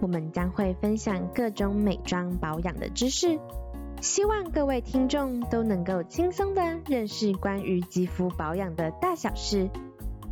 我們將會分享各種美妝保養的知識，希望各位聽眾都能夠輕鬆地認識關於肌膚保養的大小事，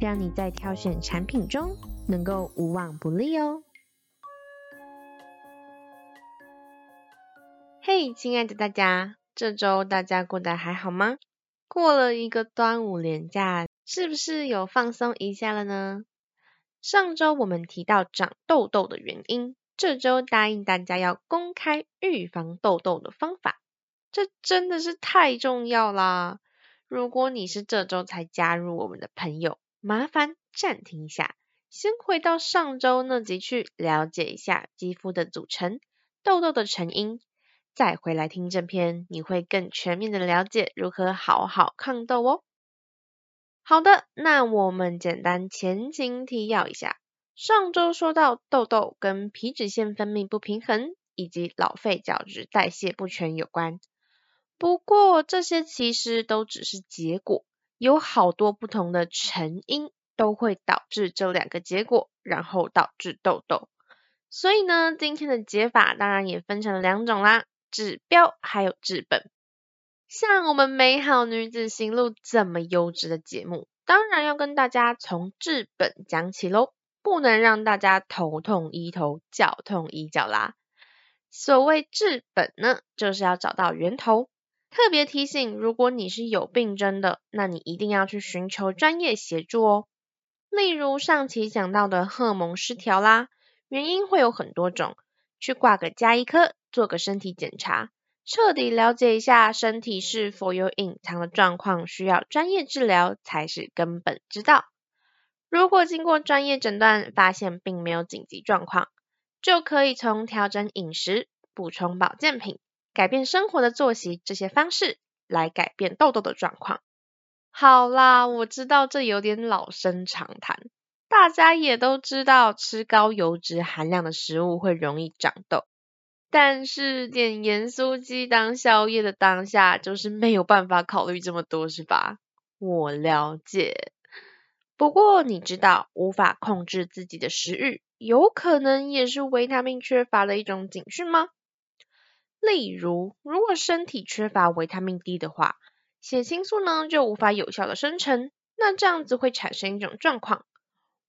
讓你在挑選產品中能夠無往不利哦。嘿，hey, 親愛的大家，這週大家過得還好嗎？過了一個端午連假，是不是有放鬆一下了呢？上週我們提到長痘痘的原因，這周答應大家要公開預防痘痘的方法，這真的是太重要啦！如果你是這周才加入我們的朋友，麻煩暫停一下，先回到上週那集去了解一下肌膚的組成、痘痘的成因，再回來聽這篇，你會更全面的了解如何好好抗痘哦。好的，那我們簡單前情提要一下。上周說到痘痘跟皮脂腺分泌不平衡，以及老廢角質代謝不全有關。不過這些其實都只是結果，有好多不同的成因都會導致這兩個結果，然後導致痘痘。所以呢，今天的解法當然也分成了兩種啦，治標還有治本。像我們美好女子行路，這麼優質的節目，當然要跟大家從治本講起嘍，不能讓大家頭痛醫頭，腳痛醫腳啦。所謂治本呢，就是要找到源頭。特別提醒，如果你是有病症的，那你一定要去尋求專業協助哦。例如上期講到的荷爾蒙失調啦，原因會有很多種，去掛個家醫科，做個身體檢查。徹底了解一下身體是否有隱藏的狀況，需要專業治療才是根本之道。如果經過專業診斷發現並沒有緊急狀況，就可以從調整飲食、補充保健品、改變生活的作息這些方式來改變痘痘的狀況。好啦，我知道這有點老生常談，大家也都知道吃高油脂含量的食物會容易長痘。但是點鹽酥雞當宵夜的當下，就是沒有辦法考慮這麼多，是吧？我了解。不過你知道，無法控制自己的食欲，有可能也是維他命缺乏的一種警訊嗎？例如，如果身體缺乏維他命 D 的話，血清素呢就無法有效的生成，那這樣子會產生一種狀況，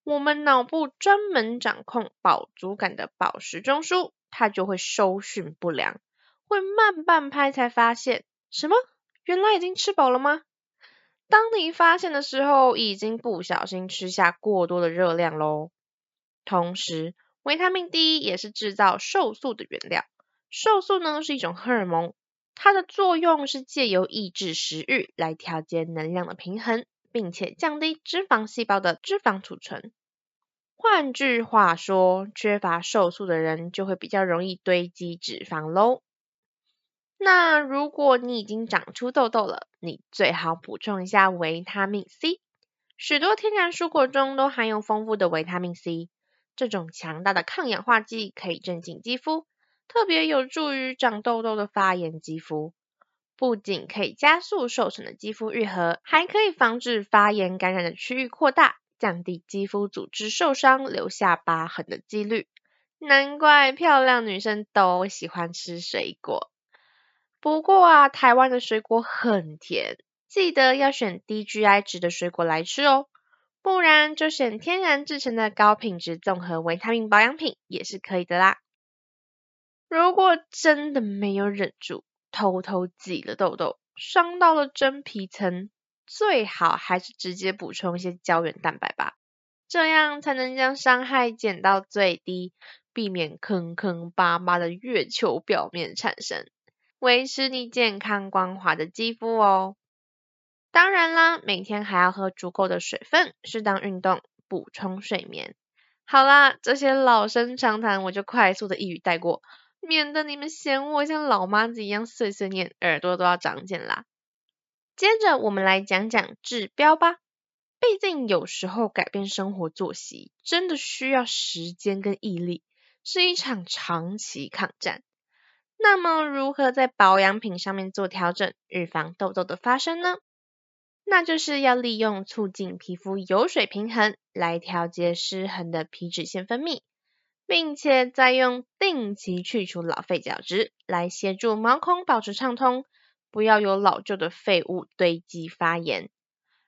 我們腦部專門掌控飽足感的飽食中樞。它就會收訊不良，會慢半拍才發現，什麼？原來已經吃飽了嗎？當你發現的時候，已經不小心吃下過多的熱量嘍。同時，維他命 D 也是制造瘦素的原料。瘦素呢，是一種荷爾蒙，它的作用是借由抑制食欲來調節能量的平衡，並且降低脂肪細胞的脂肪儲存。換句話說，缺乏瘦素的人就會比較容易堆積脂肪嘍。那如果你已經長出痘痘了，你最好補充一下維他命 C。許多天然蔬果中都含有豐富的維他命 C，這種強大的抗氧化劑可以鎮靜肌膚，特別有助於長痘痘的發炎肌膚。不僅可以加速受損的肌膚癒合，還可以防止發炎感染的區域擴大。降低肌膚組織受傷、留下疤痕的幾率。難怪漂亮女生都喜歡吃水果。不過啊，台灣的水果很甜，記得要選低 GI 值的水果來吃哦。不然就選天然製成的高品質綜合維他命保養品也是可以的啦。如果真的沒有忍住，偷偷擠了痘痘，傷到了真皮層。最好還是直接補充一些膠原蛋白吧，這樣才能將傷害減到最低，避免坑坑巴巴的月球表面產生，維持你健康光滑的肌膚哦。當然啦，每天還要喝足夠的水分，適當運動，補充睡眠。好啦，這些老生常談我就快速的一語帶過，免得你們嫌我像老媽子一樣碎碎念，耳朵都要長繭啦。接着我們來講講治標吧，畢竟有時候改變生活作息真的需要時間跟毅力，是一場長期抗戰。那麼如何在保養品上面做調整，預防痘痘的發生呢？那就是要利用促進皮膚油水平衡，來調節失衡的皮脂腺分泌，並且再用定期去除老廢角質，來協助毛孔保持暢通。不要有老舊的廢物堆積發炎。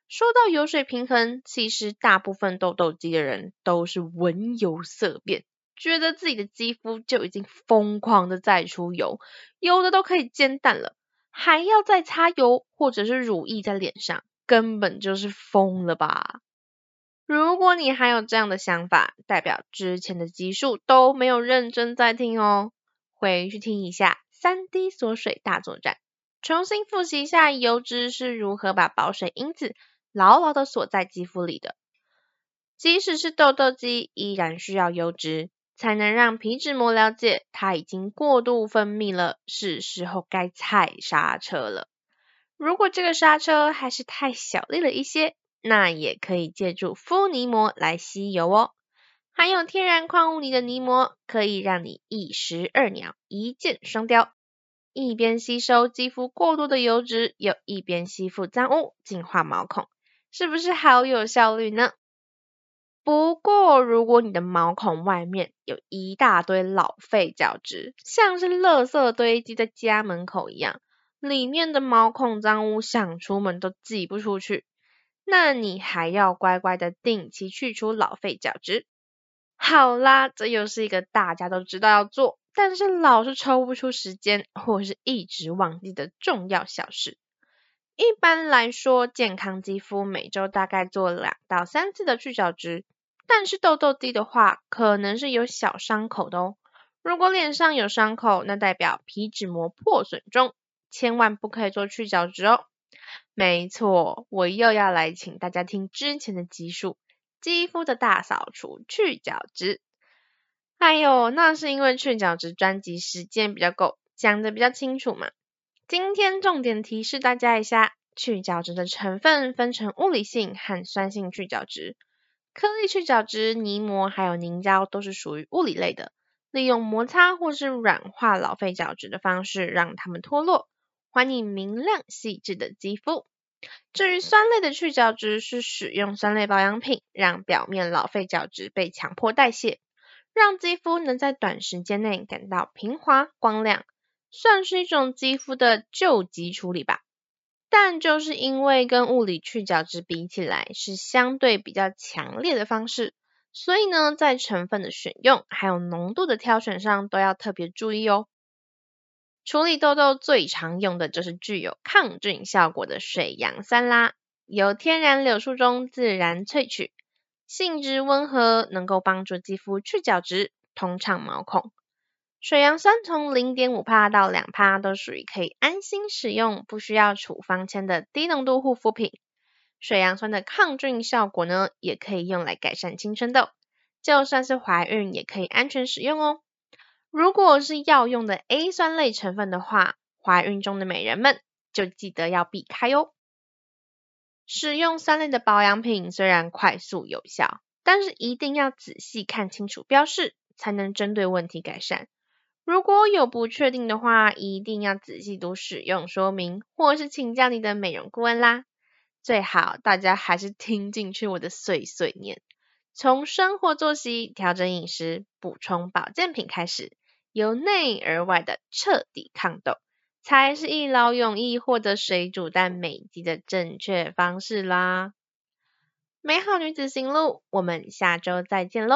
說到油水平衡，其實大部分痘痘肌的人都是聞油色變，覺得自己的肌膚就已經瘋狂的在出油，油的都可以煎蛋了，還要再擦油或者是乳液在臉上，根本就是瘋了吧？如果你還有這樣的想法，代表之前的集數都沒有認真在聽哦，回去聽一下三 D 鎖水大作戰。重新複習一下油脂是如何把保水因子牢牢的鎖在肌膚裡的。即使是痘痘肌，依然需要油脂，才能讓皮脂膜了解它已經過度分泌了，是時候該踩剎車了。如果這個剎車還是太小力了一些，那也可以借助敷泥膜來吸油哦。含有天然礦物泥的泥膜，可以讓你一石二鳥，一箭雙雕。一邊吸收肌膚過多的油脂，又一邊吸附髒污，淨化毛孔，是不是好有效率呢？不過如果你的毛孔外面有一大堆老廢角質，像是垃圾堆積在家門口一樣，裡面的毛孔髒污想出門都擠不出去，那你還要乖乖的定期去除老廢角質。好啦，這又是一個大家都知道要做，但是老是抽不出時間，或是一直忘記的重要小事。一般來說，健康肌膚每周大概做兩到三次的去角質，但是痘痘肌的話，可能是有小傷口的哦。如果臉上有傷口，那代表皮脂膜破損中，千萬不可以做去角質哦。沒錯，我又要來請大家聽之前的集數，肌膚的大掃除——去角質。哎呦，那是因為去角質專輯時間比較夠，講得比較清楚嘛。今天重點提示大家一下，去角質的成分分成物理性和酸性去角質。顆粒去角質、泥膜還有凝膠都是屬於物理類的，利用摩擦或是軟化老廢角質的方式，讓它們脫落，還你明亮細緻的肌膚。至於酸類的去角質，是使用酸類保養品，讓表面老廢角質被強迫代謝。讓肌膚能在短時間內感到平滑光亮，算是一種肌膚的救急處理吧。但就是因為跟物理去角質比起來是相對比較強烈的方式，所以呢，在成分的選用還有濃度的挑選上都要特別注意哦。處理痘痘最常用的就是具有抗菌效果的水楊酸啦，由天然柳樹中自然萃取。性質溫和，能夠幫助肌膚去角質、通暢毛孔。水楊酸從0.5%到2%都屬於可以安心使用、不需要處方箋的低濃度護膚品。水楊酸的抗菌效果呢，也可以用來改善青春痘，就算是懷孕也可以安全使用哦。如果是藥用的 A 酸類成分的話，懷孕中的美人們就記得要避開哦。使用酸類的保養品雖然快速有效，但是一定要仔細看清楚標示，才能針對問題改善。如果有不確定的話，一定要仔細讀使用說明，或是請教你的美容顧問啦。最好大家還是聽進去我的碎碎念，從生活作息、調整飲食、補充保健品開始，由內而外的徹底抗痘。才是一勞永逸獲得水煮蛋美肌的正確方式啦！美好女子行路，我們下週再見嘍！